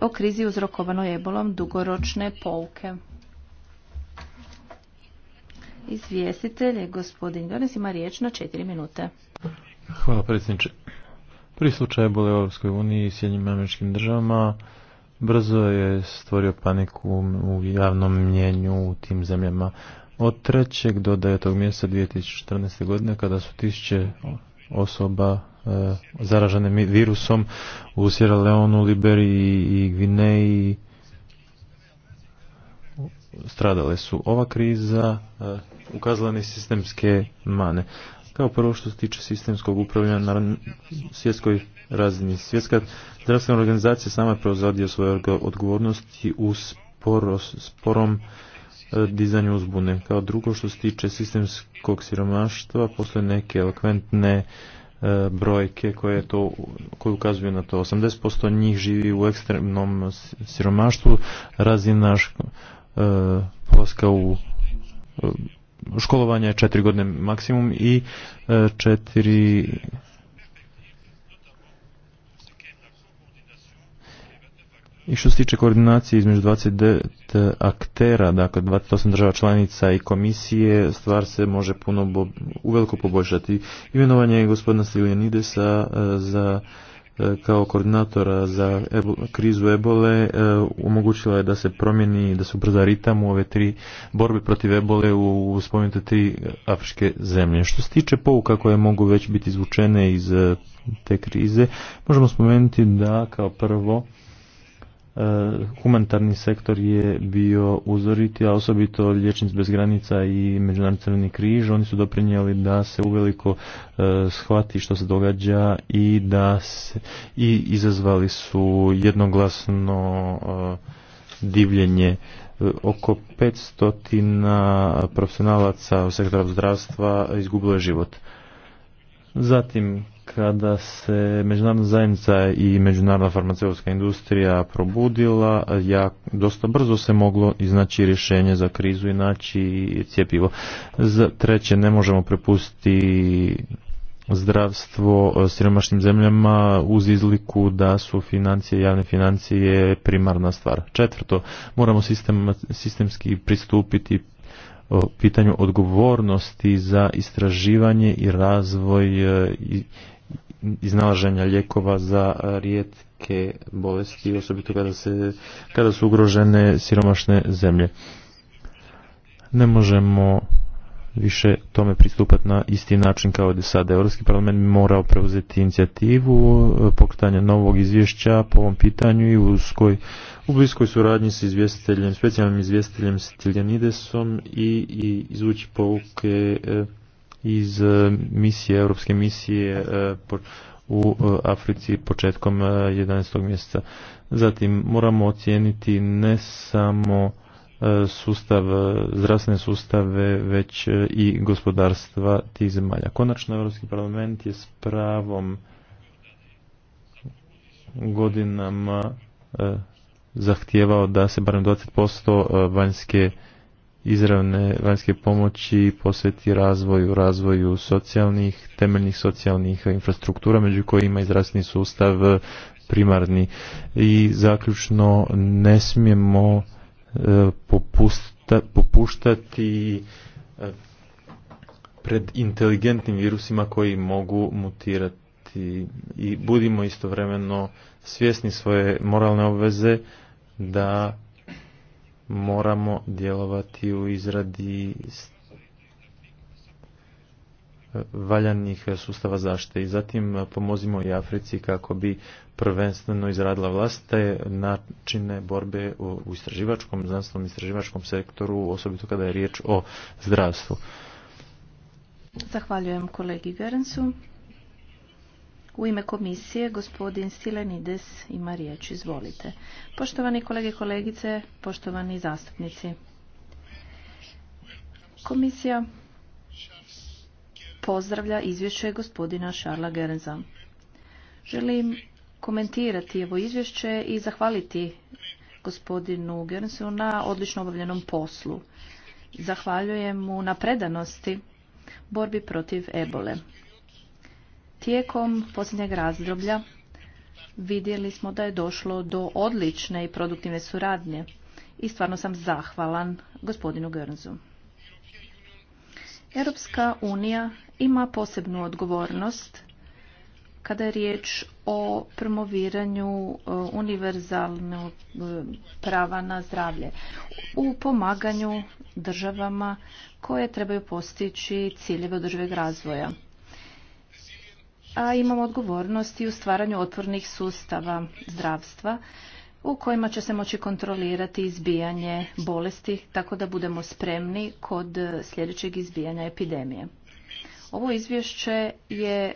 o krizi uzrokovano ebolom dugoročne pouke. Izvjestitelj je gospodin Gornes, ima riječ na četiri minute. Hvala predsjedniče. Pri slučaju ebole u Europskoj uniji i Sjednjim američkim državama brzo je stvorio paniku u javnom mnjenju u tim zemljama. Od 3. do 9. mjeseca 2014. godine kada su tisuće osoba E, zaražene virusom u Sierra Leonu, Liberiji i Gvineji stradale su. Ova kriza e, ukazala na sistemske mane. Kao prvo što se tiče sistemskog upravljanja na svjetskoj razini. Svjetska zdravstvena organizacija sama je svoje odgovornosti u sporom e, dizanju uzbune. Kao drugo što se tiče sistemskog siromaštva, postoje neke elokventne E, brojke koje, to, koje ukazuju na to. 80% njih živi u ekstremnom siromaštvu, razina e, polaska u e, školovanje je četiri godine maksimum i četiri I što se tiče koordinacije između 29 aktera, dakle 28 država članica i komisije, stvar se može puno bo, uveliko poboljšati. Imenovanje je gospodina Stiljanidesa e, za e, kao koordinatora za krizu ebole e, omogućila je da se promijeni, da se ubrza ritam u ove tri borbe protiv ebole u spomenute tri afričke zemlje. Što se tiče pouka koje mogu već biti izvučene iz te krize, možemo spomenuti da kao prvo E, humanitarni sektor je bio uzoriti, a osobito Lječnic bez granica i Međunarodni crveni križ, oni su doprinijeli da se uveliko e, shvati što se događa i da se, i izazvali su jednoglasno e, divljenje oko 500 profesionalaca u sektoru zdravstva izgubilo je život. Zatim, kada se međunarodna zajednica i međunarodna farmaceutska industrija probudila, ja, dosta brzo se moglo iznaći rješenje za krizu i naći cjepivo. Z treće, ne možemo prepustiti zdravstvo siromašnim zemljama uz izliku da su financije, javne financije primarna stvar. Četvrto, moramo sistem, sistemski pristupiti pitanju odgovornosti za istraživanje i razvoj e, iznalaženja lijekova za rijetke bolesti, osobito kada, se, kada su ugrožene siromašne zemlje. Ne možemo više tome pristupati na isti način kao do sada. Europski parlament morao preuzeti inicijativu e, pokretanja novog izvješća po ovom pitanju i uskoj, u bliskoj suradnji s izvjestiteljem, specijalnim izvjestiteljem Stiljanidesom i, i izvući pouke e, iz e, misije, europske misije e, u e, Africi početkom 11. mjeseca. Zatim moramo ocijeniti ne samo sustav, zdravstvene sustave, već i gospodarstva tih zemalja. Konačno, Europski parlament je s pravom godinama zahtijevao da se barem 20% vanjske izravne vanjske pomoći posveti razvoju, razvoju socijalnih, temeljnih socijalnih infrastruktura, među kojima i sustav primarni. I zaključno ne smijemo e, popusta, popuštati e, pred inteligentnim virusima koji mogu mutirati i budimo istovremeno svjesni svoje moralne obveze da moramo djelovati u izradi valjanih sustava zaštite i zatim pomozimo i Africi kako bi prvenstveno izradila vlastite načine borbe u istraživačkom, znanstvenom istraživačkom sektoru, osobito kada je riječ o zdravstvu. Zahvaljujem kolegi Gerencu. U ime komisije gospodin Silenides ima riječ. Izvolite. Poštovani kolege i kolegice, poštovani zastupnici. Komisija pozdravlja izvješće gospodina Šarla Gerenza. Želim komentirati ovo izvješće i zahvaliti gospodinu Gerensu na odlično obavljenom poslu. Zahvaljujem mu na predanosti borbi protiv ebole. Tijekom posljednjeg razdoblja vidjeli smo da je došlo do odlične i produktivne suradnje i stvarno sam zahvalan gospodinu Gernzu. Europska unija ima posebnu odgovornost kada je riječ o promoviranju e, univerzalnog e, prava na zdravlje u pomaganju državama koje trebaju postići ciljeve održivog razvoja a imamo odgovornost i u stvaranju otvornih sustava zdravstva u kojima će se moći kontrolirati izbijanje bolesti tako da budemo spremni kod sljedećeg izbijanja epidemije. Ovo izvješće je e,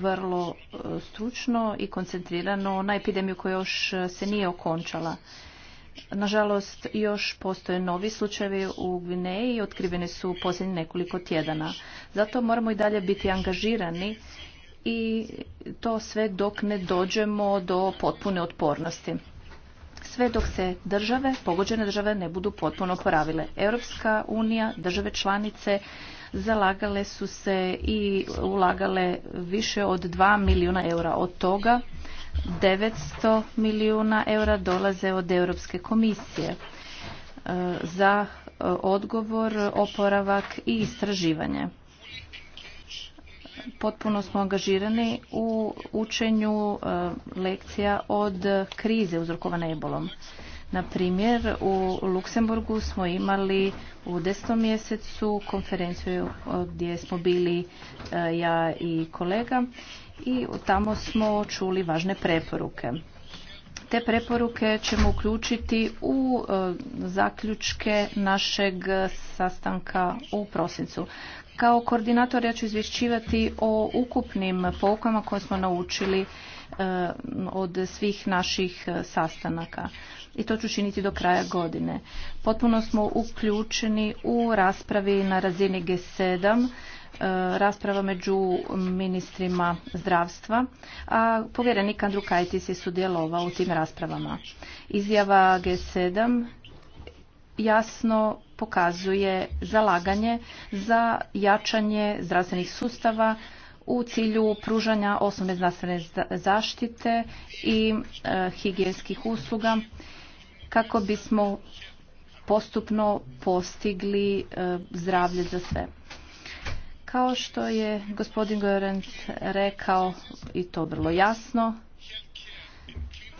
vrlo e, stručno i koncentrirano na epidemiju koja još se nije okončala. Nažalost, još postoje novi slučajevi u Gvineji i otkriveni su u posljednjih nekoliko tjedana. Zato moramo i dalje biti angažirani i to sve dok ne dođemo do potpune otpornosti. Sve dok se države, pogođene države, ne budu potpuno oporavile. Europska unija, države članice zalagale su se i ulagale više od 2 milijuna eura. Od toga 900 milijuna eura dolaze od Europske komisije e, za e, odgovor, oporavak i istraživanje potpuno smo angažirani u učenju e, lekcija od krize uzrokovane ebolom. Na primjer, u Luksemburgu smo imali u desetom mjesecu konferenciju e, gdje smo bili e, ja i kolega i tamo smo čuli važne preporuke. Te preporuke ćemo uključiti u zaključke našeg sastanka u prosincu. Kao koordinator ja ću izvješćivati o ukupnim poukama koje smo naučili e, od svih naših e, sastanaka i to ću činiti do kraja godine. Potpuno smo uključeni u raspravi na razini G7 e, rasprava među ministrima zdravstva, a povjerenik Andru Kajtis je sudjelovao u tim raspravama. Izjava G7 jasno pokazuje zalaganje za jačanje zdravstvenih sustava u cilju pružanja osnovne zdravstvene zaštite i e, higijenskih usluga kako bismo postupno postigli e, zdravlje za sve. Kao što je gospodin Gorenc rekao i to vrlo jasno,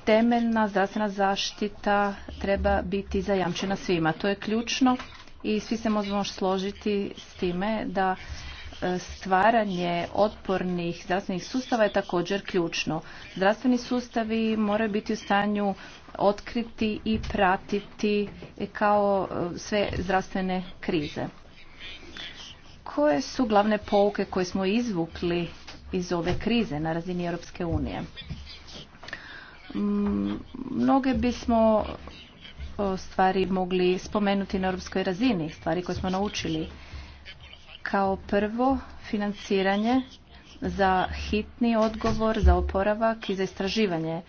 temeljna zdravstvena zaštita treba biti zajamčena svima. To je ključno i svi se možemo složiti s time da e, stvaranje otpornih zdravstvenih sustava je također ključno. Zdravstveni sustavi moraju biti u stanju otkriti i pratiti kao e, sve zdravstvene krize. Koje su glavne pouke koje smo izvukli iz ove krize na razini Europske unije? Mm, mnoge bismo stvari mogli spomenuti na europskoj razini, stvari koje smo naučili. Kao prvo, financiranje za hitni odgovor, za oporavak i za istraživanje.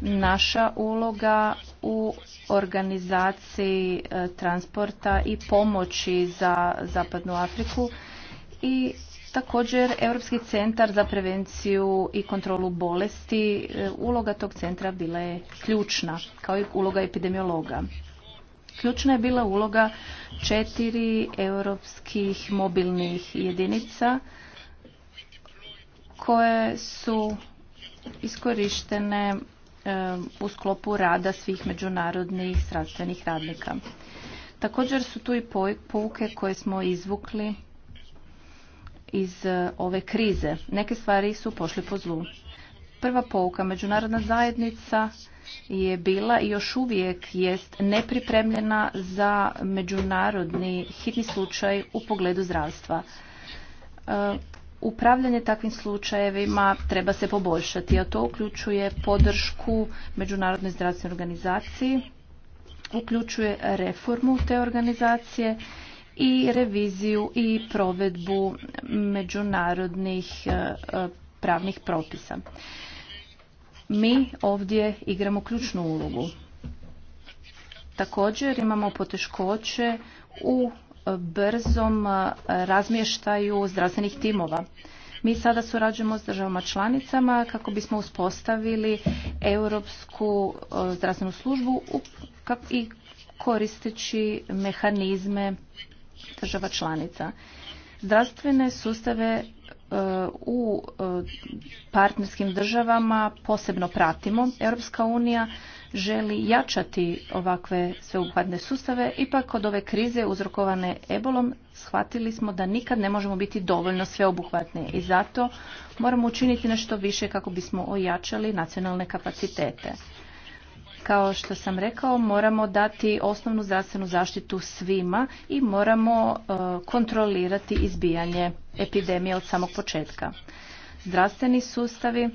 Naša uloga u organizaciji e, transporta i pomoći za Zapadnu Afriku i Također, Europski centar za prevenciju i kontrolu bolesti, e, uloga tog centra bila je ključna, kao i uloga epidemiologa. Ključna je bila uloga četiri europskih mobilnih jedinica koje su iskorištene e, u sklopu rada svih međunarodnih zdravstvenih radnika. Također su tu i pouke koje smo izvukli iz e, ove krize. Neke stvari su pošle po zlu. Prva pouka međunarodna zajednica je bila i još uvijek jest nepripremljena za međunarodni hitni slučaj u pogledu zdravstva. E, upravljanje takvim slučajevima treba se poboljšati, a to uključuje podršku Međunarodnoj zdravstvenoj organizaciji, uključuje reformu te organizacije i reviziju i provedbu međunarodnih e, e, pravnih propisa. Mi ovdje igramo ključnu ulogu. Također imamo poteškoće u brzom e, razmještaju zdravstvenih timova. Mi sada surađujemo s državama članicama kako bismo uspostavili Europsku zdravstvenu službu i koristeći mehanizme država članica. Zdravstvene sustave e, u e, partnerskim državama posebno pratimo. Europska unija želi jačati ovakve sveobuhvatne sustave, ipak od ove krize uzrokovane ebolom shvatili smo da nikad ne možemo biti dovoljno sveobuhvatni i zato moramo učiniti nešto više kako bismo ojačali nacionalne kapacitete. Kao što sam rekao, moramo dati osnovnu zdravstvenu zaštitu svima i moramo e, kontrolirati izbijanje epidemije od samog početka. Zdravstveni sustavi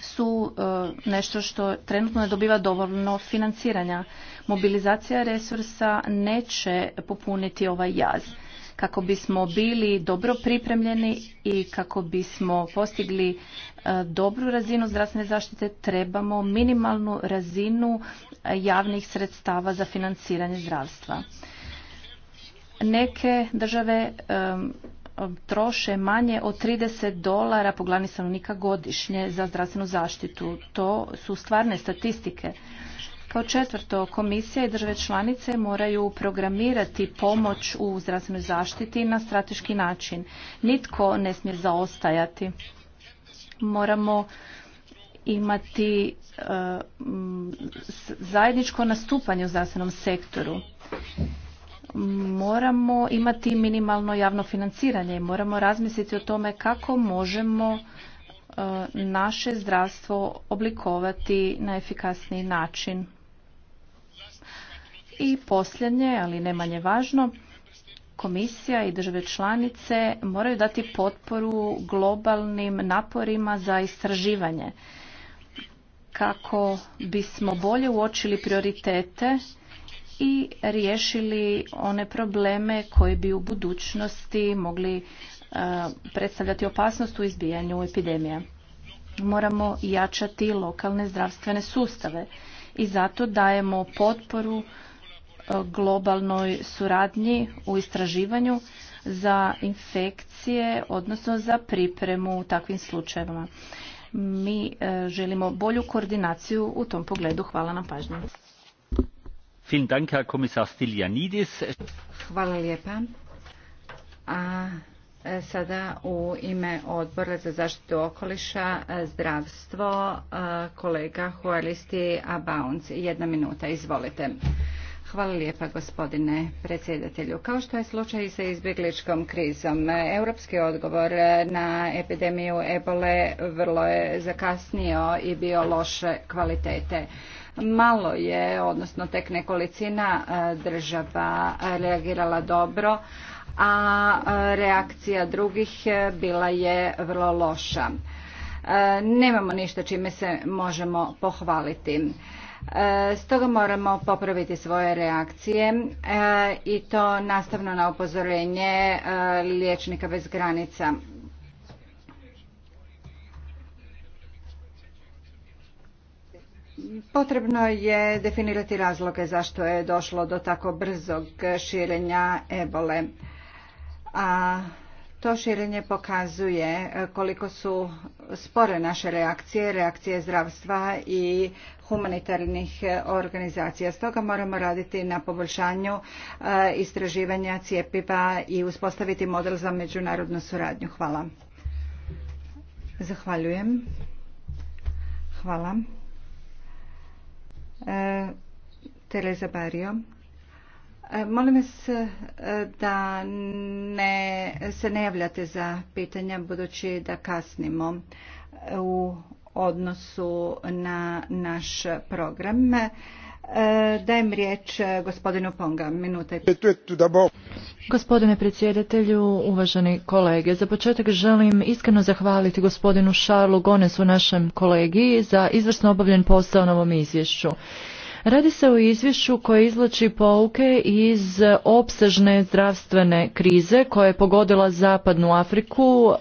su e, nešto što trenutno ne dobiva dovoljno financiranja. Mobilizacija resursa neće popuniti ovaj jaz kako bismo bili dobro pripremljeni i kako bismo postigli e, dobru razinu zdravstvene zaštite trebamo minimalnu razinu e, javnih sredstava za financiranje zdravstva. Neke države e, troše manje od 30 dolara po glavni stanovnika godišnje za zdravstvenu zaštitu. To su stvarne statistike. Kao četvrto, komisija i države članice moraju programirati pomoć u zdravstvenoj zaštiti na strateški način. Nitko ne smije zaostajati. Moramo imati eh, zajedničko nastupanje u zdravstvenom sektoru. Moramo imati minimalno javno financiranje i moramo razmisliti o tome kako možemo eh, naše zdravstvo oblikovati na efikasniji način. I posljednje, ali ne manje važno, komisija i države članice moraju dati potporu globalnim naporima za istraživanje kako bismo bolje uočili prioritete i riješili one probleme koji bi u budućnosti mogli e, predstavljati opasnost u izbijanju epidemije. Moramo jačati lokalne zdravstvene sustave i zato dajemo potporu globalnoj suradnji u istraživanju za infekcije, odnosno za pripremu u takvim slučajevima. Mi e, želimo bolju koordinaciju u tom pogledu. Hvala na pažnju. Hvala lijepa. A e, sada u ime odbora za zaštitu okoliša, e, zdravstvo, kolega Hualisti Abaunc. Jedna minuta, izvolite. Hvala lijepa gospodine predsjedatelju. Kao što je slučaj sa izbjegličkom krizom, europski odgovor na epidemiju ebole vrlo je zakasnio i bio loše kvalitete. Malo je, odnosno tek nekolicina e, država reagirala dobro, a e, reakcija drugih e, bila je vrlo loša. E, nemamo ništa čime se možemo pohvaliti. E, stoga moramo popraviti svoje reakcije e, i to nastavno na upozorenje liječnika bez granica. Potrebno je definirati razloge zašto je došlo do tako brzog širenja ebole. A to širenje pokazuje e, koliko su spore naše reakcije, reakcije zdravstva i humanitarnih e, organizacija. Stoga moramo raditi na poboljšanju e, istraživanja cijepiva i uspostaviti model za međunarodnu suradnju. Hvala. Zahvaljujem. Hvala. Tereza Bario. E, molim vas e, da ne, se ne javljate za pitanja budući da kasnimo u odnosu na naš program. E, dajem riječ gospodinu Ponga, minute. Gospodine predsjedatelju, uvaženi kolege, za početak želim iskreno zahvaliti gospodinu Šarlu Gonesu, našem kolegi, za izvrsno obavljen posao na ovom izvješću. Radi se o izvješću koje izvlači pouke iz opsežne zdravstvene krize koja je pogodila Zapadnu Afriku uh,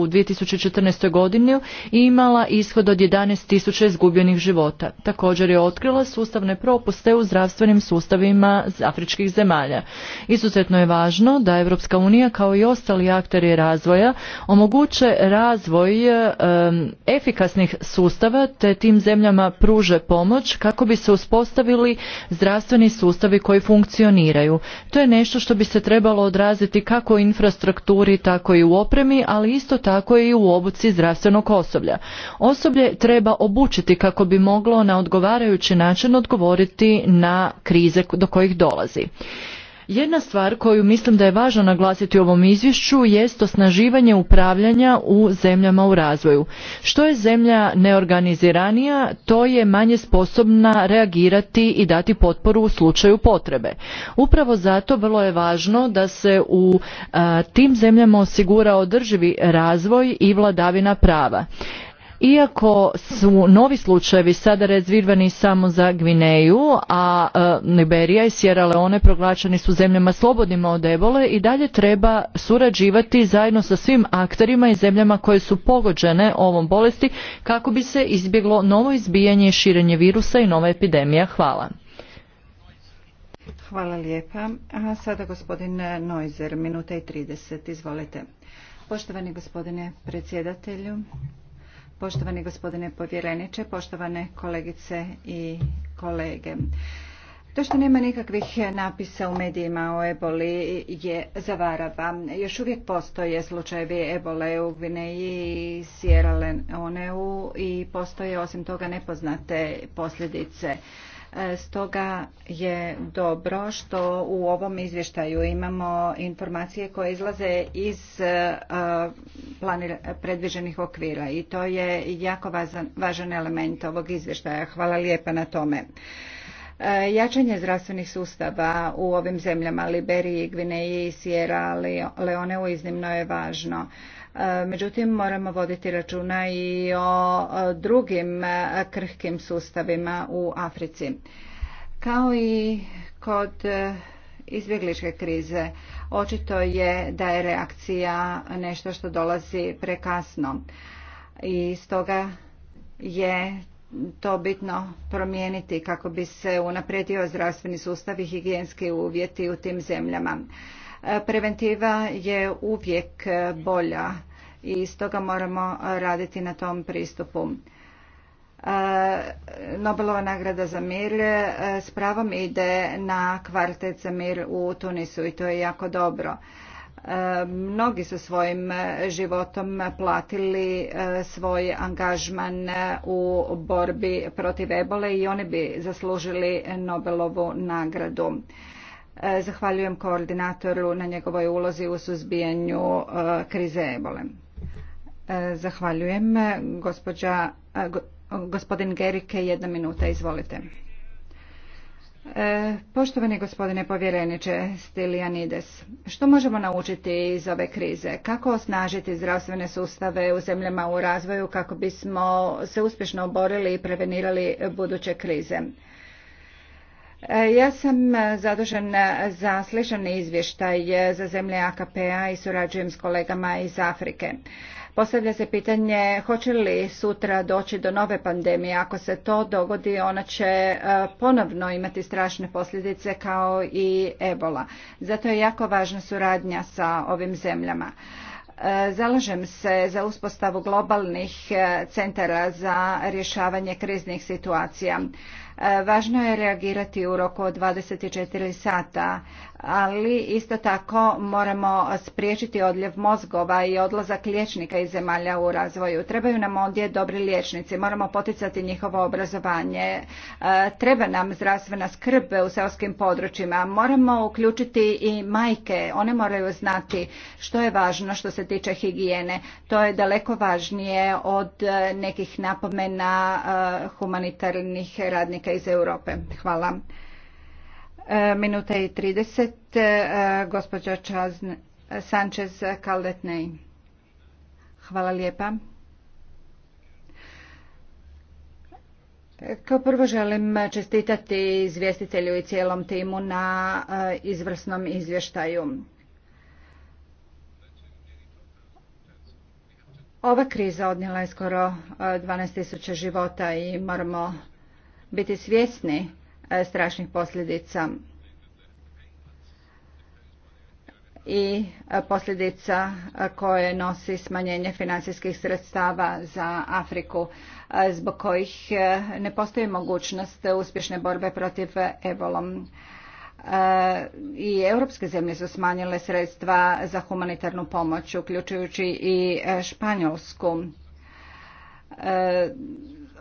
u 2014. godini i imala ishod od 11.000 izgubljenih života. Također je otkrila sustavne propuste u zdravstvenim sustavima afričkih zemalja. Izuzetno je važno da Europska unija kao i ostali akteri razvoja omoguće razvoj um, efikasnih sustava te tim zemljama pruže pomoć kako bi se uspostavili zdravstveni sustavi koji funkcioniraju. To je nešto što bi se trebalo odraziti kako u infrastrukturi, tako i u opremi, ali isto tako i u obuci zdravstvenog osoblja. Osoblje treba obučiti kako bi moglo na odgovarajući način odgovoriti na krize do kojih dolazi. Jedna stvar koju mislim da je važno naglasiti u ovom izvješću jest osnaživanje upravljanja u zemljama u razvoju. Što je zemlja neorganiziranija, to je manje sposobna reagirati i dati potporu u slučaju potrebe. Upravo zato vrlo je važno da se u tim zemljama osigura održivi razvoj i vladavina prava. Iako su novi slučajevi sada razvirvani samo za Gvineju, a e, Liberija i Sierra Leone proglačeni su zemljama slobodnima od ebole i dalje treba surađivati zajedno sa svim akterima i zemljama koje su pogođene ovom bolesti kako bi se izbjeglo novo izbijanje i širenje virusa i nova epidemija. Hvala. Hvala lijepa. A sada gospodin minuta i 30, izvolite. Poštovani gospodine predsjedatelju, Poštovani gospodine povjereniče, poštovane kolegice i kolege. To što nema nikakvih napisa u medijima o eboli je zavarava. Još uvijek postoje slučajevi ebole u Gvineji i Sierra Leoneu i postoje osim toga nepoznate posljedice. E, stoga je dobro što u ovom izvještaju imamo informacije koje izlaze iz e, predviđenih okvira i to je jako važan element ovog izvještaja. Hvala lijepa na tome. E, jačanje zdravstvenih sustava u ovim zemljama Liberiji, Gvineji i Sierra Leoneu iznimno je važno. E, međutim, moramo voditi računa i o e, drugim e, krhkim sustavima u Africi. Kao i kod izbjegličke krize, očito je da je reakcija nešto što dolazi prekasno i stoga je to bitno promijeniti kako bi se unaprijedio zdravstveni sustav i higijenski uvjeti u tim zemljama. Preventiva je uvijek bolja i stoga moramo raditi na tom pristupu. E, Nobelova nagrada za mir e, s pravom ide na kvartet za mir u Tunisu i to je jako dobro. E, mnogi su svojim životom platili svoj angažman u borbi protiv ebole i oni bi zaslužili Nobelovu nagradu. E, zahvaljujem koordinatoru na njegovoj ulozi u suzbijanju e, krize ebole. E, zahvaljujem. gospodin Gerike, jedna minuta, izvolite. Poštovani gospodine povjereniče Stilianides, što možemo naučiti iz ove krize? Kako osnažiti zdravstvene sustave u zemljama u razvoju kako bismo se uspješno oborili i prevenirali buduće krize? E, ja sam e, zadužen za sličan izvještaj e, za zemlje AKP-a i surađujem s kolegama iz Afrike. Postavlja se pitanje hoće li sutra doći do nove pandemije. Ako se to dogodi, ona će ponovno imati strašne posljedice kao i ebola. Zato je jako važna suradnja sa ovim zemljama. Zalažem se za uspostavu globalnih centara za rješavanje kriznih situacija. E, važno je reagirati u roku od 24 sata, ali isto tako moramo spriječiti odljev mozgova i odlazak liječnika iz zemalja u razvoju. Trebaju nam ovdje dobri liječnici, moramo poticati njihovo obrazovanje. E, treba nam zdravstvena skrb u seoskim područjima. Moramo uključiti i majke, one moraju znati što je važno što se tiče higijene. To je daleko važnije od nekih napomena e, humanitarnih radnika zastupnika iz Europe. Hvala. E, minuta i 30. E, gospođa Sanchez Kaldetnej. Hvala lijepa. Kao prvo želim čestitati izvjestitelju i cijelom timu na e, izvrsnom izvještaju. Ova kriza odnijela je skoro 12.000 života i moramo biti svjesni e, strašnih posljedica i e, posljedica e, koje nosi smanjenje financijskih sredstava za Afriku, zbog kojih ne postoji mogućnost uspješne borbe protiv ebolom. I europske zemlje su smanjile sredstva za humanitarnu pomoć, uključujući i Španjolsku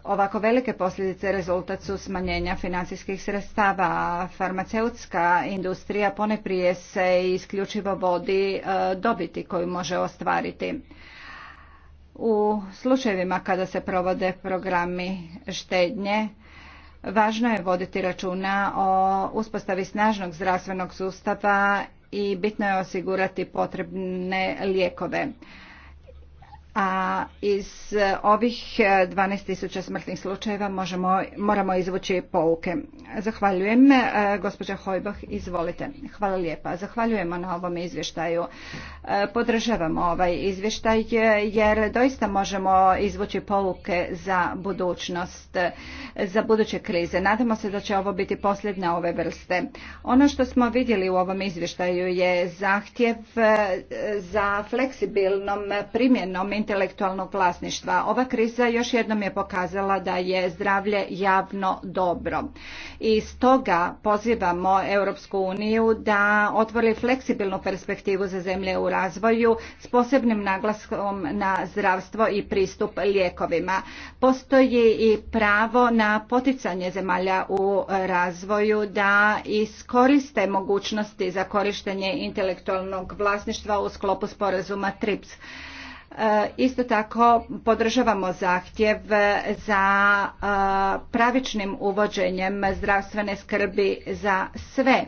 ovako velike posljedice rezultat su smanjenja financijskih sredstava. Farmaceutska industrija poneprije se isključivo vodi e, dobiti koju može ostvariti. U slučajevima kada se provode programi štednje, važno je voditi računa o uspostavi snažnog zdravstvenog sustava i bitno je osigurati potrebne lijekove a iz e, ovih 12.000 e, smrtnih slučajeva moramo izvući pouke. Zahvaljujem. E, gospođa Hojbah, izvolite. Hvala lijepa. Zahvaljujemo na ovom izvještaju. Podržavamo ovaj izvještaj jer doista možemo izvući pouke za budućnost, za buduće krize. Nadamo se da će ovo biti posljedna ove vrste. Ono što smo vidjeli u ovom izvještaju je zahtjev za fleksibilnom primjenom intelektualnog vlasništva. Ova kriza još jednom je pokazala da je zdravlje javno dobro. I stoga pozivamo Europsku uniju da otvori fleksibilnu perspektivu za zemlje u razvoju s posebnim naglaskom na zdravstvo i pristup lijekovima. Postoji i pravo na poticanje zemalja u razvoju da iskoriste mogućnosti za korištenje intelektualnog vlasništva u sklopu sporazuma TRIPS. E, isto tako podržavamo zahtjev za e, pravičnim uvođenjem zdravstvene skrbi za sve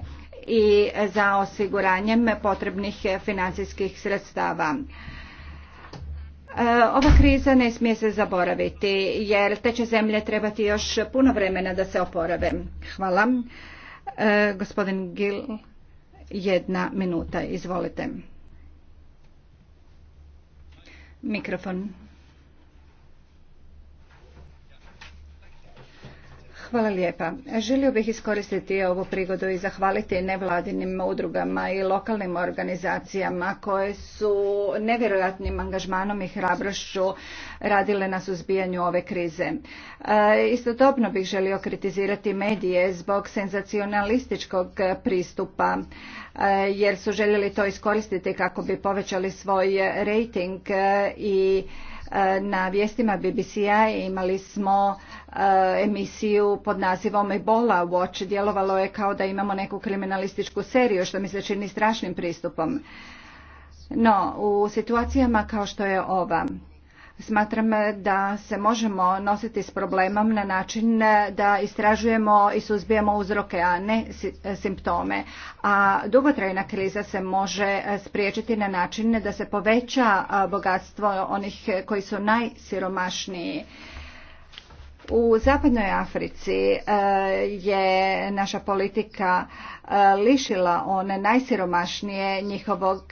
i za osiguranjem potrebnih financijskih sredstava. E, ova kriza ne smije se zaboraviti jer te će zemlje trebati još puno vremena da se oporave. Hvala. Gospodin Gil, jedna minuta, izvolite. Mikrofon. Hvala lijepa. Želio bih iskoristiti ovu prigodu i zahvaliti nevladinim udrugama i lokalnim organizacijama koje su nevjerojatnim angažmanom i hrabrošću radile na suzbijanju ove krize. E, istodobno bih želio kritizirati medije zbog senzacionalističkog pristupa e, jer su željeli to iskoristiti kako bi povećali svoj rejting e, i E, na vijestima BBC-a imali smo e, emisiju pod nazivom Ebola Watch. Djelovalo je kao da imamo neku kriminalističku seriju, što mi se čini strašnim pristupom. No, u situacijama kao što je ova, Smatram eh, da se možemo nositi s problemom na način eh, da istražujemo i suzbijemo uzroke, a ne eh, simptome. A dugotrajna kriza se može spriječiti na način da se poveća bogatstvo onih koji su najsiromašniji. U zapadnoj Africi je naša politika lišila one najsiromašnije njihovog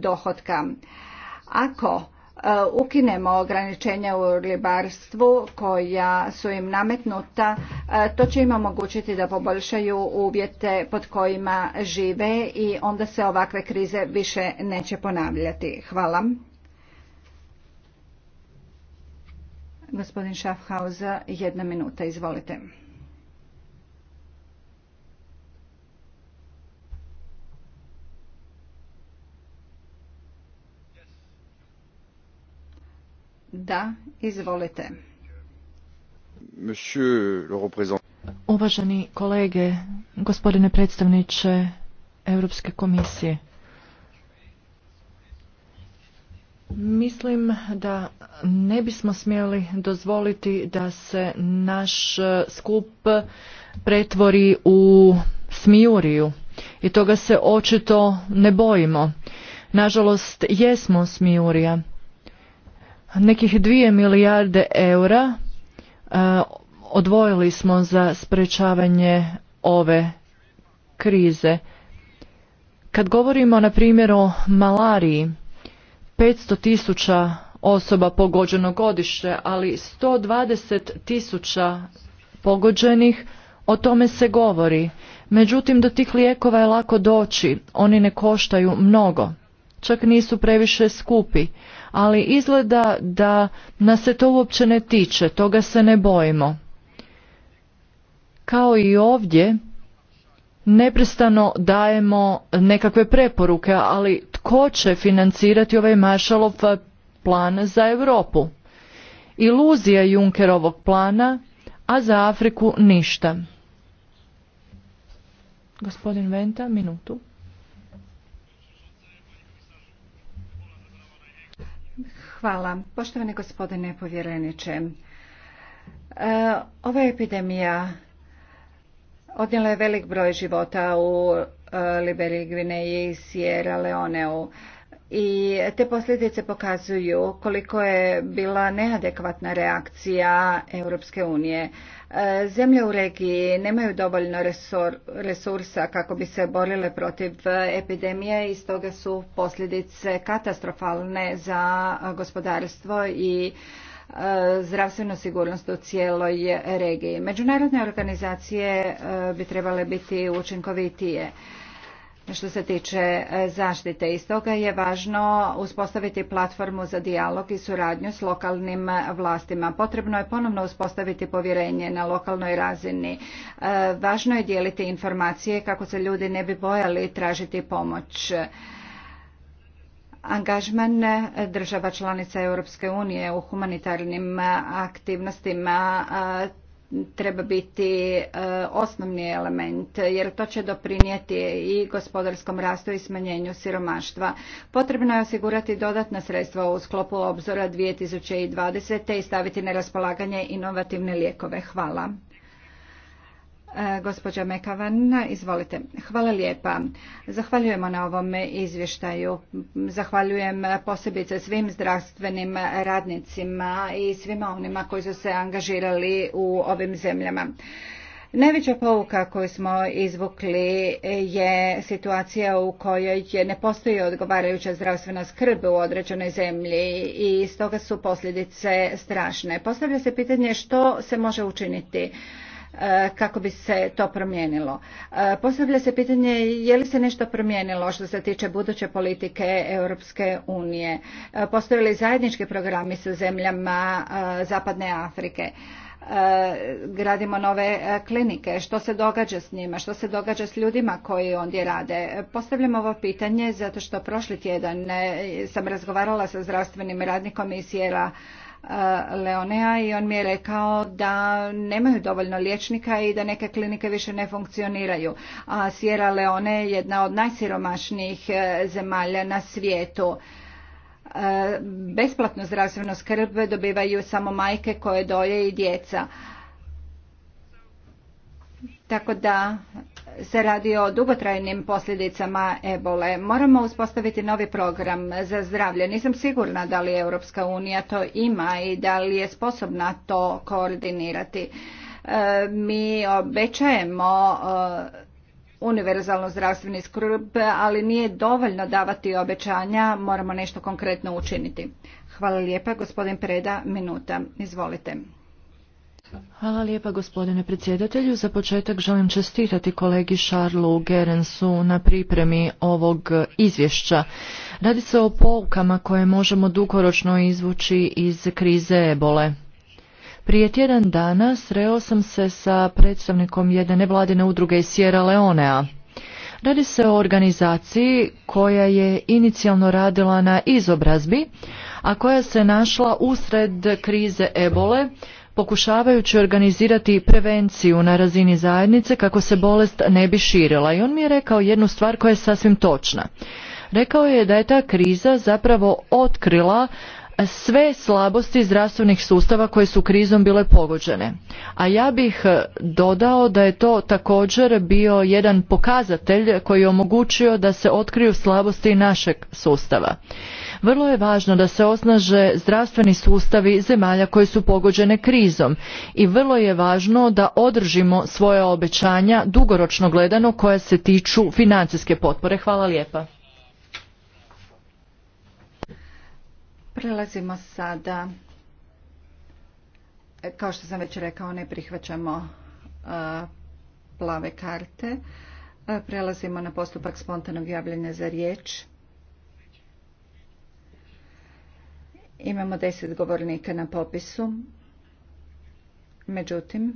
dohotka. Ako E, ukinemo ograničenja u ribarstvu koja su im nametnuta, e, to će im omogućiti da poboljšaju uvjete pod kojima žive i onda se ovakve krize više neće ponavljati. Hvala. Gospodin Schaffhauser, jedna minuta, izvolite. Da, izvolite. Uvaženi kolege, gospodine predstavniče Europske komisije, Mislim da ne bismo smjeli dozvoliti da se naš skup pretvori u smijuriju i toga se očito ne bojimo. Nažalost, jesmo smijurija Nekih dvije milijarde eura e, odvojili smo za sprečavanje ove krize. Kad govorimo na primjer o malariji, 500 tisuća osoba pogođeno godišnje, ali 120 tisuća pogođenih, o tome se govori. Međutim, do tih lijekova je lako doći, oni ne koštaju mnogo, čak nisu previše skupi ali izgleda da nas se to uopće ne tiče, toga se ne bojimo. Kao i ovdje, neprestano dajemo nekakve preporuke, ali tko će financirati ovaj Marshallov plan za Europu? Iluzija Junkerovog plana, a za Afriku ništa. Gospodin Venta, minutu. Hvala. Poštovani gospodine povjereniče, e, ova epidemija odnijela je velik broj života u e, Liberi, Gvineji i Sierra Leoneu i te posljedice pokazuju koliko je bila neadekvatna reakcija Europske unije. E, zemlje u regiji nemaju dovoljno resursa kako bi se borile protiv e, epidemije i stoga su posljedice katastrofalne za gospodarstvo i e, zdravstvenu sigurnost u cijeloj regiji. Međunarodne organizacije bi trebale biti učinkovitije što se tiče e, zaštite. I stoga je važno uspostaviti platformu za dijalog i suradnju s lokalnim vlastima. Potrebno je ponovno uspostaviti povjerenje na lokalnoj razini. E, važno je dijeliti informacije kako se ljudi ne bi bojali tražiti pomoć. Angažman država članica Europske unije u humanitarnim aktivnostima treba biti e, osnovni element jer to će doprinijeti i gospodarskom rastu i smanjenju siromaštva. Potrebno je osigurati dodatna sredstva u sklopu obzora 2020. i staviti na raspolaganje inovativne lijekove. Hvala. Gospođa Mekavan, izvolite. Hvala lijepa. Zahvaljujemo na ovom izvještaju. Zahvaljujem posebice svim zdravstvenim radnicima i svima onima koji su se angažirali u ovim zemljama. Najveća pouka koju smo izvukli je situacija u kojoj ne postoji odgovarajuća zdravstvena skrb u određenoj zemlji i stoga su posljedice strašne. Postavlja se pitanje što se može učiniti E, kako bi se to promijenilo. E, postavlja se pitanje je li se nešto promijenilo što se tiče buduće politike Europske unije. E, postoje li zajednički programi sa zemljama Zapadne Afrike? gradimo nove klinike, što se događa s njima, što se događa s ljudima koji ondje rade. Postavljam ovo pitanje zato što prošli tjedan sam razgovarala sa zdravstvenim radnikom iz Leonea i on mi je rekao da nemaju dovoljno liječnika i da neke klinike više ne funkcioniraju. A Sierra Leone je jedna od najsiromašnijih e, zemalja na svijetu. E, Besplatno zdravstveno skrb dobivaju samo majke koje doje i djeca. Tako da se radi o dugotrajnim posljedicama ebole. Moramo uspostaviti novi program za zdravlje. Nisam sigurna da li Europska unija to ima i da li je sposobna to koordinirati. E, mi obećajemo e, univerzalno zdravstveni skrb, ali nije dovoljno davati obećanja, moramo nešto konkretno učiniti. Hvala lijepa, gospodin Preda, minuta. Izvolite. Hvala lijepa gospodine predsjedatelju. Za početak želim čestitati kolegi Šarlu Gerensu na pripremi ovog izvješća. Radi se o poukama koje možemo dugoročno izvući iz krize ebole. Prije tjedan dana sreo sam se sa predstavnikom jedne nevladine udruge iz Sierra Leonea. Radi se o organizaciji koja je inicijalno radila na izobrazbi, a koja se našla usred krize ebole pokušavajući organizirati prevenciju na razini zajednice kako se bolest ne bi širila i on mi je rekao jednu stvar koja je sasvim točna. Rekao je da je ta kriza zapravo otkrila sve slabosti zdravstvenih sustava koje su krizom bile pogođene. A ja bih e, dodao da je to također bio jedan pokazatelj koji je omogućio da se otkriju slabosti našeg sustava. Vrlo je važno da se osnaže zdravstveni sustavi zemalja koje su pogođene krizom i vrlo je važno da održimo svoje obećanja dugoročno gledano koja se tiču financijske potpore. Hvala lijepa. Prelazimo sada, kao što sam već rekao, ne prihvaćamo e, plave karte. E, prelazimo na postupak spontanog javljanja za riječ. Imamo deset govornika na popisu. Međutim,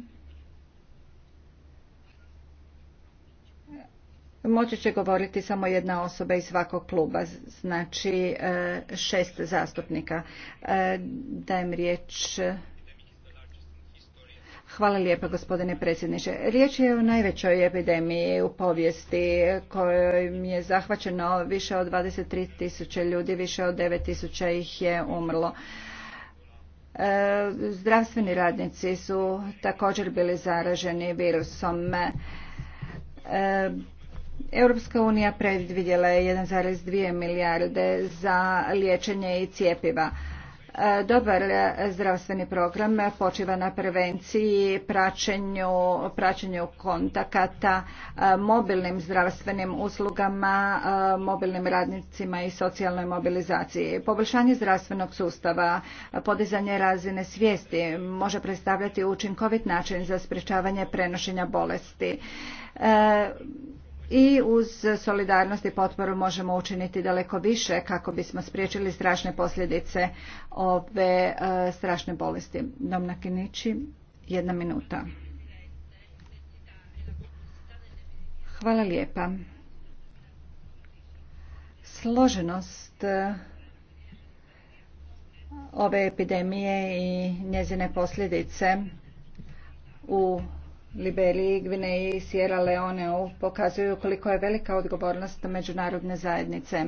moći će govoriti samo jedna osoba iz svakog kluba, znači e, šest zastupnika. E, dajem riječ Hvala lijepa gospodine predsjedniče. Riječ je o najvećoj epidemiji u povijesti kojom je zahvaćeno više od 23 tisuće ljudi, više od 9 tisuća ih je umrlo. E, zdravstveni radnici su također bili zaraženi virusom. E, Europska unija predvidjela je 1,2 milijarde za liječenje i cijepiva. E, dobar zdravstveni program počiva na prevenciji, praćenju, praćenju kontakata, e, mobilnim zdravstvenim uslugama, e, mobilnim radnicima i socijalnoj mobilizaciji. Poboljšanje zdravstvenog sustava, podizanje razine svijesti može predstavljati učinkovit način za sprječavanje prenošenja bolesti i uz solidarnost i potporu možemo učiniti daleko više kako bismo spriječili strašne posljedice ove e, strašne bolesti. Domna Kinići, jedna minuta. Hvala lijepa. Složenost e, ove epidemije i njezine posljedice u Liberiji, Gvineji i Sierra Leoneu pokazuju koliko je velika odgovornost međunarodne zajednice.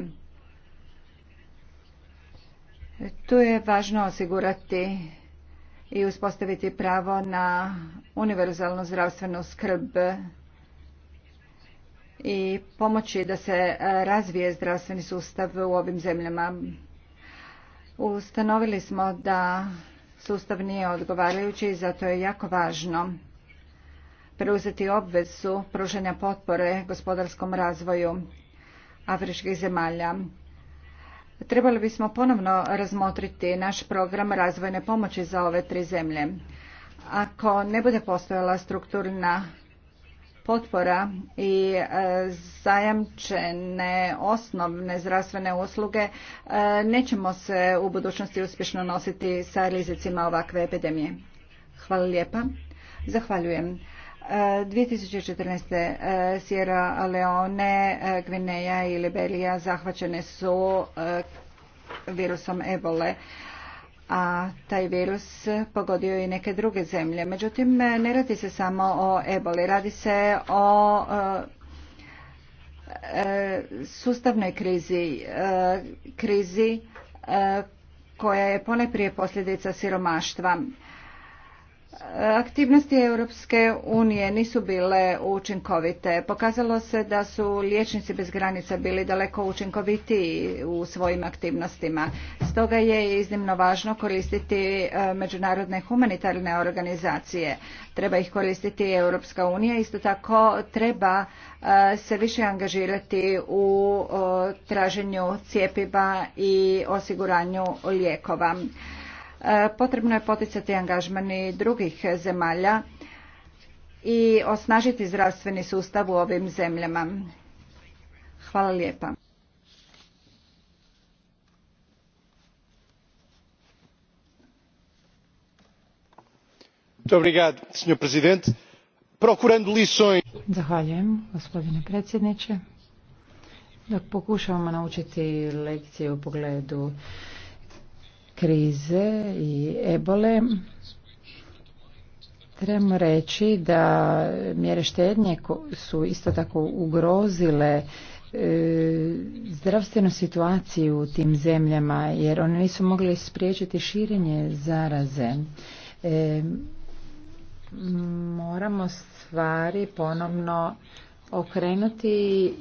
Tu je važno osigurati i uspostaviti pravo na univerzalnu zdravstvenu skrb i pomoći da se razvije zdravstveni sustav u ovim zemljama. Ustanovili smo da sustav nije odgovarajući i zato je jako važno preuzeti obvezu pružanja potpore gospodarskom razvoju afričkih zemalja. Trebali bismo ponovno razmotriti naš program razvojne pomoći za ove tri zemlje. Ako ne bude postojala strukturna potpora i e, zajamčene osnovne zdravstvene usluge, e, nećemo se u budućnosti uspješno nositi sa rizicima ovakve epidemije. Hvala lijepa. Zahvaljujem. 2014. Eh, Sierra Leone, eh, Gvineja i Liberija zahvaćene su eh, virusom ebole a taj virus pogodio i neke druge zemlje. Međutim, ne radi se samo o eboli, radi se o sustavnoj krizi, krizi koja je poneprije posljedica siromaštva. Aktivnosti Europske unije nisu bile učinkovite. Pokazalo se da su liječnici bez granica bili daleko učinkovitiji u svojim aktivnostima. Stoga je iznimno važno koristiti e, međunarodne humanitarne organizacije. Treba ih koristiti Europska unija. Isto tako treba e, se više angažirati u e, traženju cjepiva i osiguranju lijekova potrebno je poticati angažmani drugih zemalja i osnažiti zdravstveni sustav u ovim zemljama. Hvala lijepa. Zahvaljujem, gospodine predsjedniče. Dok pokušavamo naučiti lekcije u pogledu krize i ebole trebamo reći da mjere štednje su isto tako ugrozile e, zdravstvenu situaciju u tim zemljama jer one nisu mogli spriječiti širenje zaraze. E, moramo stvari ponovno okrenuti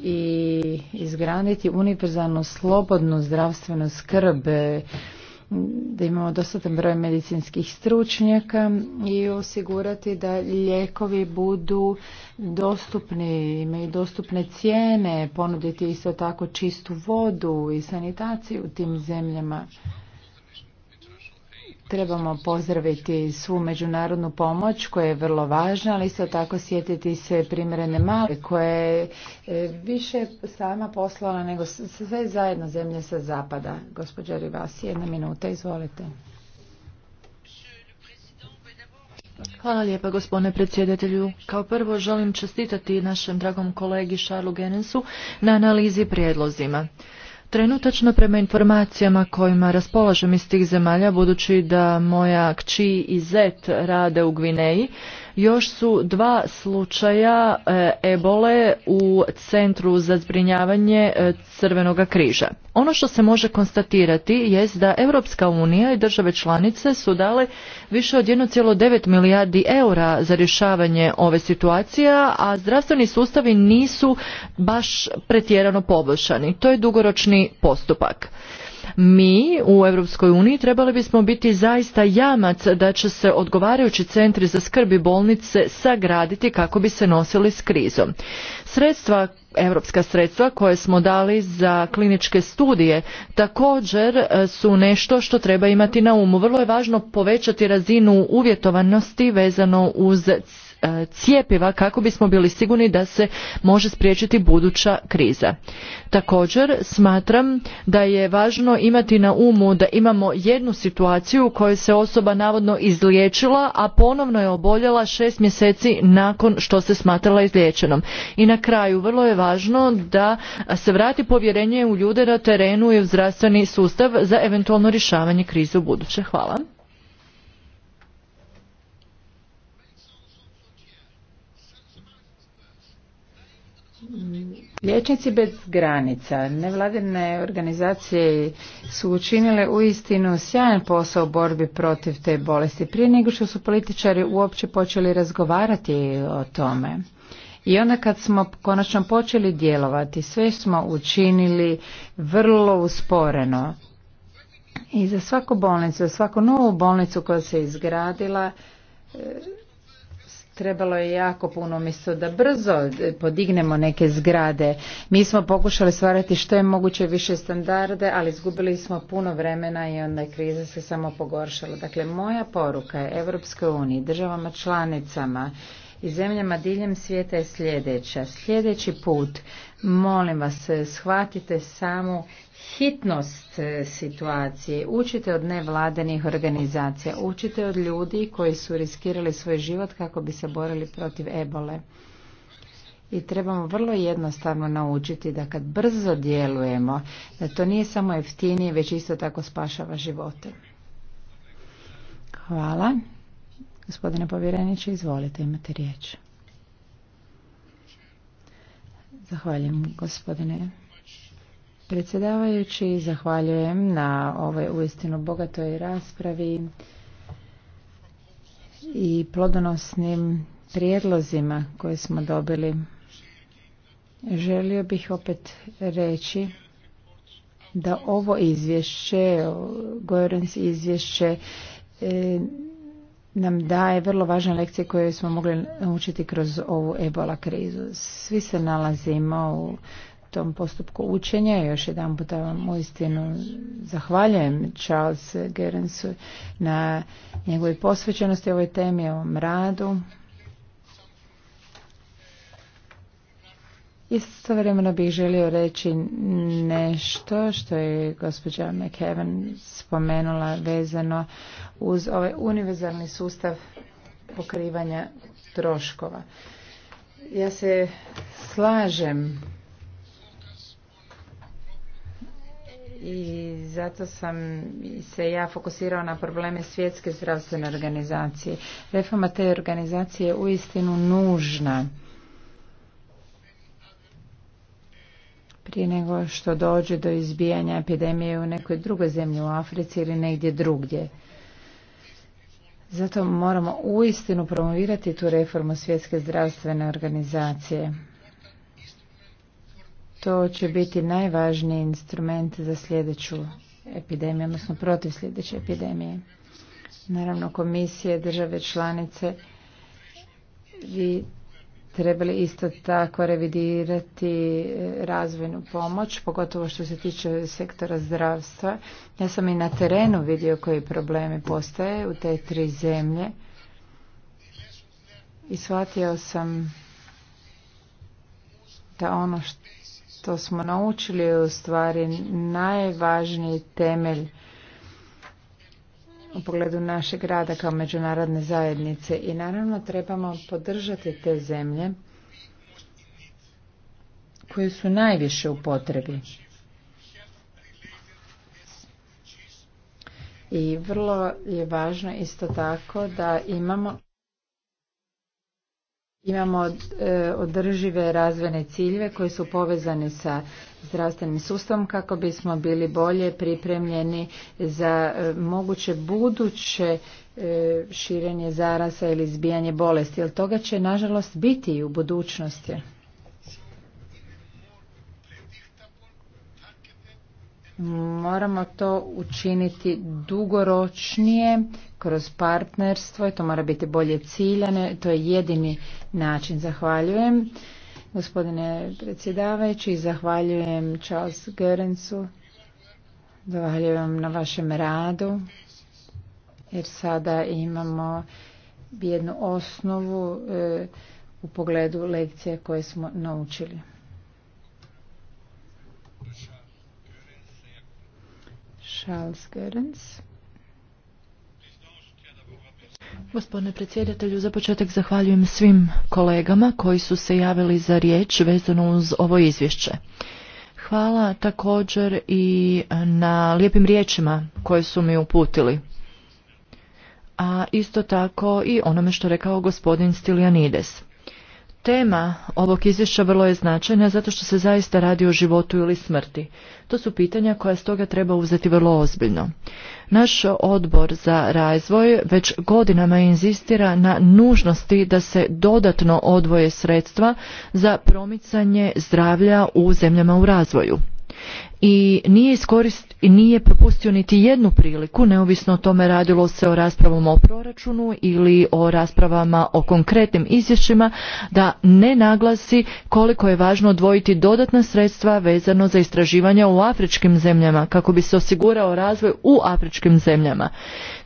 i izgraditi univerzalnu slobodnu zdravstvenu skrb da imamo dostatan broj medicinskih stručnjaka i osigurati da lijekovi budu dostupni, imaju dostupne cijene, ponuditi isto tako čistu vodu i sanitaciju u tim zemljama. Trebamo pozdraviti svu međunarodnu pomoć koja je vrlo važna, ali isto tako sjetiti se primjerene male koje je više sama poslala nego sve zajedno zemlje sa zapada. Gospođa Rivasi, jedna minuta, izvolite. Hvala lijepa gospodine predsjedatelju. Kao prvo želim čestitati našem dragom kolegi Šarlu Genensu na analizi prijedlozima. Trenutačno prema informacijama kojima raspolažem iz tih zemalja, budući da moja kći i zet rade u Gvineji, još su dva slučaja e, ebole u Centru za zbrinjavanje e, Crvenoga križa. Ono što se može konstatirati jest da Europska unija i države članice su dale više od 1,9 milijardi eura za rješavanje ove situacije, a zdravstveni sustavi nisu baš pretjerano poboljšani. To je dugoročni postupak. Mi u Europskoj uniji trebali bismo biti zaista jamac da će se odgovarajući centri za i bolnice sagraditi kako bi se nosili s krizom. Sredstva europska sredstva koje smo dali za kliničke studije također e, su nešto što treba imati na umu. Vrlo je važno povećati razinu uvjetovanosti vezano uz E, cjepiva kako bismo bili sigurni da se može spriječiti buduća kriza. Također smatram da je važno imati na umu da imamo jednu situaciju u kojoj se osoba navodno izliječila, a ponovno je oboljela šest mjeseci nakon što se smatrala izliječenom. I na kraju vrlo je važno da se vrati povjerenje u ljude na terenu i u zdravstveni sustav za eventualno rješavanje krize u buduće. Hvala. Liječnici bez granica, nevladine organizacije su učinile uistinu sjajan posao u borbi protiv te bolesti prije nego što su političari uopće počeli razgovarati o tome. I onda kad smo konačno počeli djelovati, sve smo učinili vrlo usporeno. I za svaku bolnicu, za svaku novu bolnicu koja se izgradila, Trebalo je jako puno umjesto da brzo e, podignemo neke zgrade. Mi smo pokušali stvarati što je moguće više standarde, ali izgubili smo puno vremena i onda je kriza se samo pogoršala. Dakle, moja poruka je Evropskoj uniji, državama članicama, i zemljama diljem svijeta je sljedeća. Sljedeći put, molim vas, shvatite samu hitnost e, situacije, učite od nevladenih organizacija, učite od ljudi koji su riskirali svoj život kako bi se borili protiv ebole. I trebamo vrlo jednostavno naučiti da kad brzo djelujemo, da to nije samo jeftinije, već isto tako spašava živote. Hvala. Gospodine povjereniče, izvolite, imate riječ. Zahvaljujem, gospodine predsjedavajući. Zahvaljujem na ovoj uistinu bogatoj raspravi i plodonosnim prijedlozima koje smo dobili. Želio bih opet reći da ovo izvješće, Gorens izvješće, e, nam daje vrlo važne lekcije koje smo mogli učiti kroz ovu ebola krizu. Svi se nalazimo u tom postupku učenja. Još jedan puta vam uistinu zahvaljujem Charles Gerensu na njegovoj posvećenosti ovoj temi, ovom radu. Istovremeno bih želio reći nešto što je gospođa McHeaven spomenula vezano uz ovaj univerzalni sustav pokrivanja troškova. Ja se slažem i zato sam se ja fokusirao na probleme svjetske zdravstvene organizacije. Reforma te organizacije je uistinu nužna prije nego što dođe do izbijanja epidemije u nekoj drugoj zemlji u Africi ili negdje drugdje. Zato moramo uistinu promovirati tu reformu svjetske zdravstvene organizacije. To će biti najvažniji instrument za sljedeću epidemiju, odnosno protiv sljedeće epidemije. Naravno, komisije, države članice, i trebali isto tako revidirati e, razvojnu pomoć, pogotovo što se tiče sektora zdravstva. Ja sam i na terenu vidio koji problemi postoje u te tri zemlje i shvatio sam da ono što smo naučili je u stvari najvažniji temelj u pogledu našeg rada kao međunarodne zajednice i naravno trebamo podržati te zemlje koje su najviše u potrebi. I vrlo je važno isto tako da imamo Imamo e, održive razvojne ciljeve koji su povezani sa zdravstvenim sustavom kako bismo bili bolje pripremljeni za e, moguće buduće e, širenje zarasa ili izbijanje bolesti. Jer toga će nažalost biti i u budućnosti. moramo to učiniti dugoročnije kroz partnerstvo i to mora biti bolje ciljane. to je jedini način. Zahvaljujem gospodine predsjedavajući, zahvaljujem Charles Gerencu, zahvaljujem na vašem radu jer sada imamo jednu osnovu e, u pogledu lekcije koje smo naučili. Charles Gerens. Gospodine predsjedatelju, za početak zahvaljujem svim kolegama koji su se javili za riječ vezano uz ovo izvješće. Hvala također i na lijepim riječima koje su mi uputili. A isto tako i onome što rekao gospodin Stiljanides. Tema ovog izvješća vrlo je značajna zato što se zaista radi o životu ili smrti. To su pitanja koja stoga treba uzeti vrlo ozbiljno. Naš odbor za razvoj već godinama inzistira na nužnosti da se dodatno odvoje sredstva za promicanje zdravlja u zemljama u razvoju i nije, iskorist, nije propustio niti jednu priliku, neovisno o tome radilo se o raspravama o proračunu ili o raspravama o konkretnim izvješćima, da ne naglasi koliko je važno odvojiti dodatna sredstva vezano za istraživanja u afričkim zemljama kako bi se osigurao razvoj u afričkim zemljama.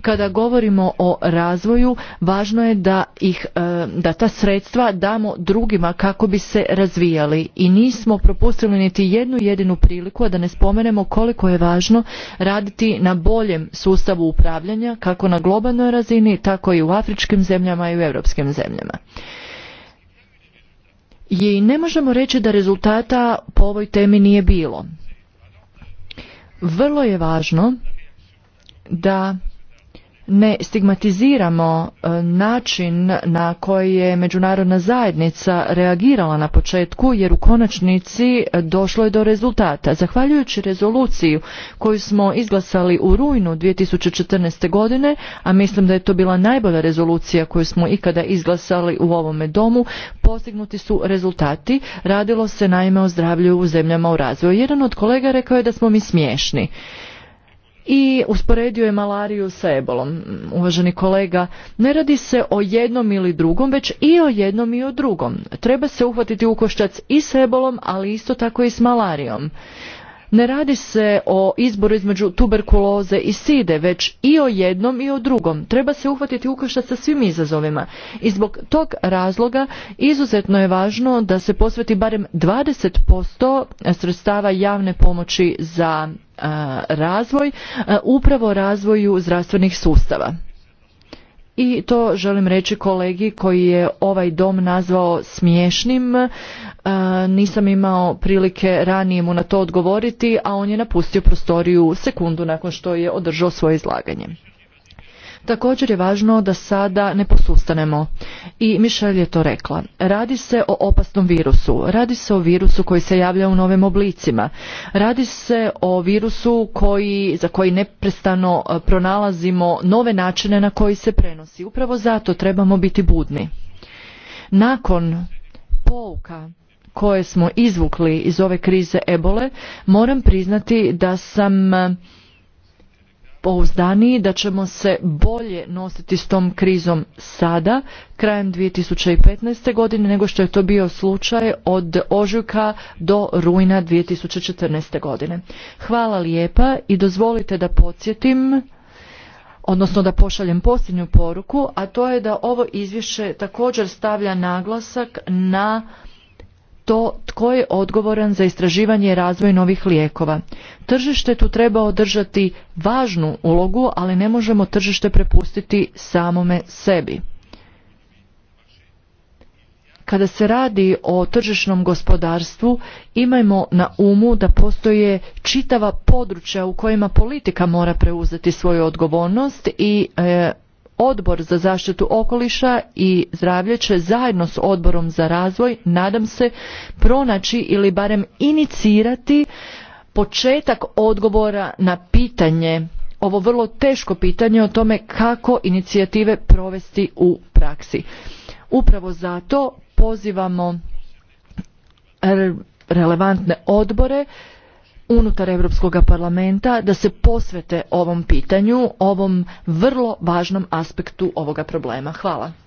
Kada govorimo o razvoju, važno je da, ih, e, da ta sredstva damo drugima kako bi se razvijali i nismo propustili niti jednu jedinu priliku a da ne spomenemo koliko je važno raditi na boljem sustavu upravljanja kako na globalnoj razini tako i u afričkim zemljama i u europskim zemljama i ne možemo reći da rezultata po ovoj temi nije bilo vrlo je važno da ne stigmatiziramo e, način na koji je međunarodna zajednica reagirala na početku jer u konačnici e, došlo je do rezultata. Zahvaljujući rezoluciju koju smo izglasali u rujnu 2014. godine, a mislim da je to bila najbolja rezolucija koju smo ikada izglasali u ovome domu, postignuti su rezultati. Radilo se naime o zdravlju u zemljama u razvoju. Jedan od kolega rekao je da smo mi smiješni i usporedio je malariju sa ebolom. Uvaženi kolega, ne radi se o jednom ili drugom, već i o jednom i o drugom. Treba se uhvatiti u koštac i s ebolom, ali isto tako i s malarijom. Ne radi se o izboru između tuberkuloze i side, već i o jednom i o drugom. Treba se uhvatiti ukoštac sa svim izazovima. I zbog tog razloga izuzetno je važno da se posveti barem 20% sredstava javne pomoći za razvoj, upravo razvoju zdravstvenih sustava i to želim reći kolegi koji je ovaj dom nazvao smiješnim. E, nisam imao prilike ranije mu na to odgovoriti, a on je napustio prostoriju sekundu nakon što je održao svoje izlaganje. Također je važno da sada ne posustanemo. I Mišel je to rekla. Radi se o opasnom virusu. Radi se o virusu koji se javlja u novim oblicima. Radi se o virusu koji, za koji neprestano e, pronalazimo nove načine na koji se prenosi. Upravo zato trebamo biti budni. Nakon pouka koje smo izvukli iz ove krize ebole, moram priznati da sam e, pouzdaniji da ćemo se bolje nositi s tom krizom sada, krajem 2015. godine, nego što je to bio slučaj od ožujka do rujna 2014. godine. Hvala lijepa i dozvolite da podsjetim odnosno da pošaljem posljednju poruku, a to je da ovo izvješće također stavlja naglasak na to tko je odgovoran za istraživanje i razvoj novih lijekova. Tržište tu treba održati važnu ulogu, ali ne možemo tržište prepustiti samome sebi. Kada se radi o tržišnom gospodarstvu, imajmo na umu da postoje čitava područja u kojima politika mora preuzeti svoju odgovornost i e, Odbor za zaštitu okoliša i zdravlje će zajedno s Odborom za razvoj, nadam se, pronaći ili barem inicirati početak odgovora na pitanje ovo vrlo teško pitanje o tome kako inicijative provesti u praksi. Upravo zato pozivamo relevantne odbore unutar Europskog parlamenta da se posvete ovom pitanju, ovom vrlo važnom aspektu ovoga problema. Hvala.